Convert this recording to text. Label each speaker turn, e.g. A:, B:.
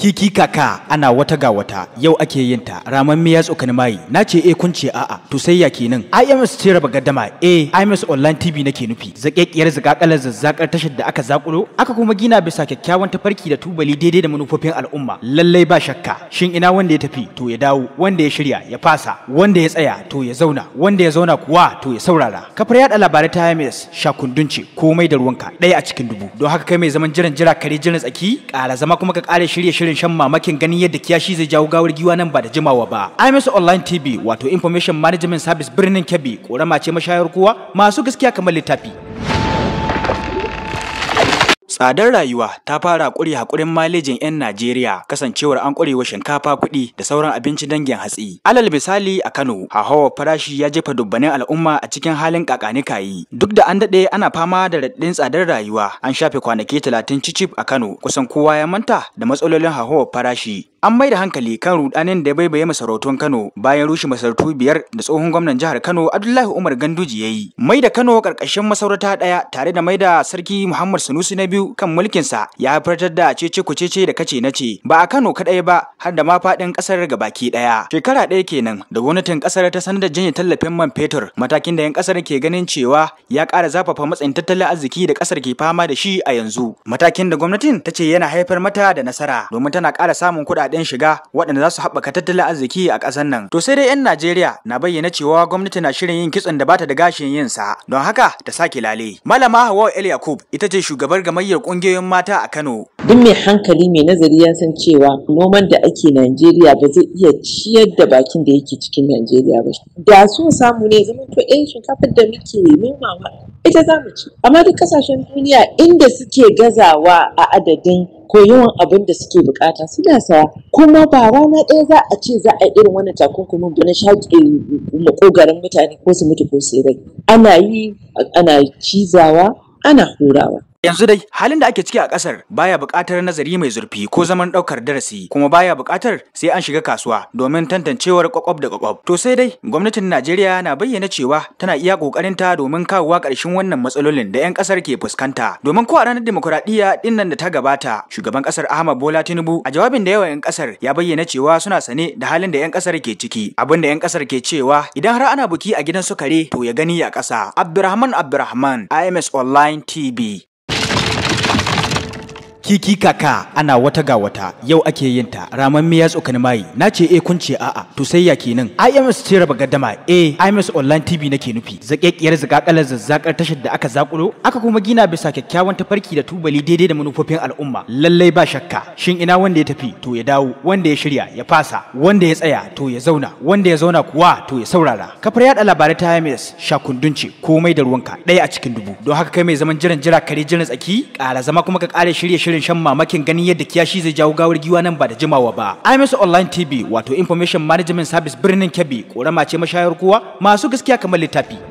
A: kiki kaka ana wata ga wata yau ake yin ta raman ya tsokani mai na ce eh kun ce a'a to sai ya kenan IMS ce raba eh IMS online TV nake nufi zakekiyar zakakalar zazzakar tashar da aka zakulo aka kuma gina bisa kyakkyawan tafarki da tubali daidai da manufofin al'umma lallai ba shakka shin ina wanda ya tafi to ya dawo wanda ya shirya ya fasa wanda ya tsaya to ya zauna wanda ya zauna kuwa to ya saurara kafar yada labarai ta IMS shakundun ce komai da ruwanka ɗaya a cikin dubu don haka kai mai zaman jiran jira kare jiran tsaki ƙara zama kuma ka ƙare shirye shirye irin shan mamakin ganin yadda kiyashi zai jawo gawar giwa nan ba da jimawa ba IMS Online TV wato Information Management Service birnin Kebbi Ƙorama ce mashayar kowa masu gaskiya kamar littafi Tsadar rayuwa ta fara ƙuri haƙurin malejin 'yan Najeriya kasancewar an wa shinkafa kuɗi da sauran abinci dangin hatsi. Alal misali a Kano, hahawar farashi ya jefa dubbanin al'umma a cikin halin kayi. Duk da an daɗe ana fama da raɗin tsadar rayuwa, an shafe kwanaki talatin cicif a Kano, kusan kowa ya manta da matsalolin hahawar farashi. An mai da hankali kan rudanin da ya baibaye masarautun Kano bayan rushe masarautu biyar da tsohon gwamnan jihar Kano Abdullahi Umar Ganduji ya yi. Mai da Kano karkashin masarauta daya tare da mai da sarki Muhammad Sanusi na biyu kan sa, ya haifar da cece kucece da kace nace ba a Kano kaɗai ba har da ma faɗin ƙasar gabaki ɗaya. Shekara ɗaya kenan da gwamnatin kasar ta sanar da janye tallafin man fetur matakin da 'yan kasar ke ganin cewa ya ƙara zafafa matsayin tattalin arziki da kasar ke fama da shi a yanzu. Matakin da gwamnatin ta ce yana haifar mata da nasara domin tana ƙara samun kuɗaɗe kuɗaɗen shiga waɗanda za su haɓaka tattalin arziki a ƙasar nan. To sai dai 'yan Najeriya na bayyana cewa gwamnati na shirin yin kitson da bata da gashin yin sa, don haka ta sake lale. Malama Hawwa El Yakub ita ce shugabar gamayyar ƙungiyoyin mata a Kano.
B: Duk mai hankali mai nazari ya san cewa noman da ake Najeriya ba zai iya ciyar da bakin da yake cikin Najeriya ba. Da so samu ne zaman to ɗan shinkafar da muke nomawa ita za mu ci. Amma duk ƙasashen duniya inda suke gazawa a adadin ko yawan abin da suke bukata suna saya kuma ba rana ɗaya za a ce za a irin wannan takunkumin ba na shaƙe makogarin mutane ko su mutu ko su rai ana yi ana cizawa ana horawa.
A: Yanzu dai halin da ake ciki a ƙasar baya buƙatar nazari mai zurfi ko zaman ɗaukar darasi kuma baya buƙatar sai an shiga kasuwa domin tantancewar kwakwab da kwakwab. To sai dai gwamnatin Najeriya na bayyana cewa tana iya ƙoƙarinta domin kawowa ƙarshen wannan matsalolin da 'yan ƙasar ke fuskanta. Domin ko a ranar demokuraɗiyya ɗin nan da ta gabata shugaban ƙasar Ahmad Bola Tinubu a jawabin da yawa 'yan ƙasar ya bayyana cewa suna sane da halin da 'yan ƙasar ke ciki. Abin da 'yan ƙasar ke cewa idan har ana buki a gidan su kare to ya gani a ƙasa. Abdurrahman Abdurrahman IMS Online TV. kiki kaka ana wata ga wata yau ake yin ta raman miya tsokani mayi na ce eh kun ce a'a to sai ya kenan IMS ce raba gaddama eh IMS online TV nake nufi zakekiyar zakakalar zazzakar tashar da aka zakulo aka kuma gina bisa kyakkyawan tafarki da tubali daidai da manufofin al'umma lallai ba shakka shin ina wanda ya tafi to ya dawo wanda ya shirya ya fasa wanda ya tsaya to ya zauna wanda ya zauna kuwa to ya saurara kafar yada labarai ta IMS shakundun ce komai da ruwanka ɗaya a cikin dubu don haka kai mai zaman jiran jira kare jiran tsaki ƙara zama kuma ka ƙare shirye shirye shirin shan mamakin ganin yadda kiyashi zai jawo gawar giwa nan ba da jimawa ba. IMS Online TV wato Information Management Service birnin Kebbi korama ce mashayar kowa masu gaskiya kamar littafi.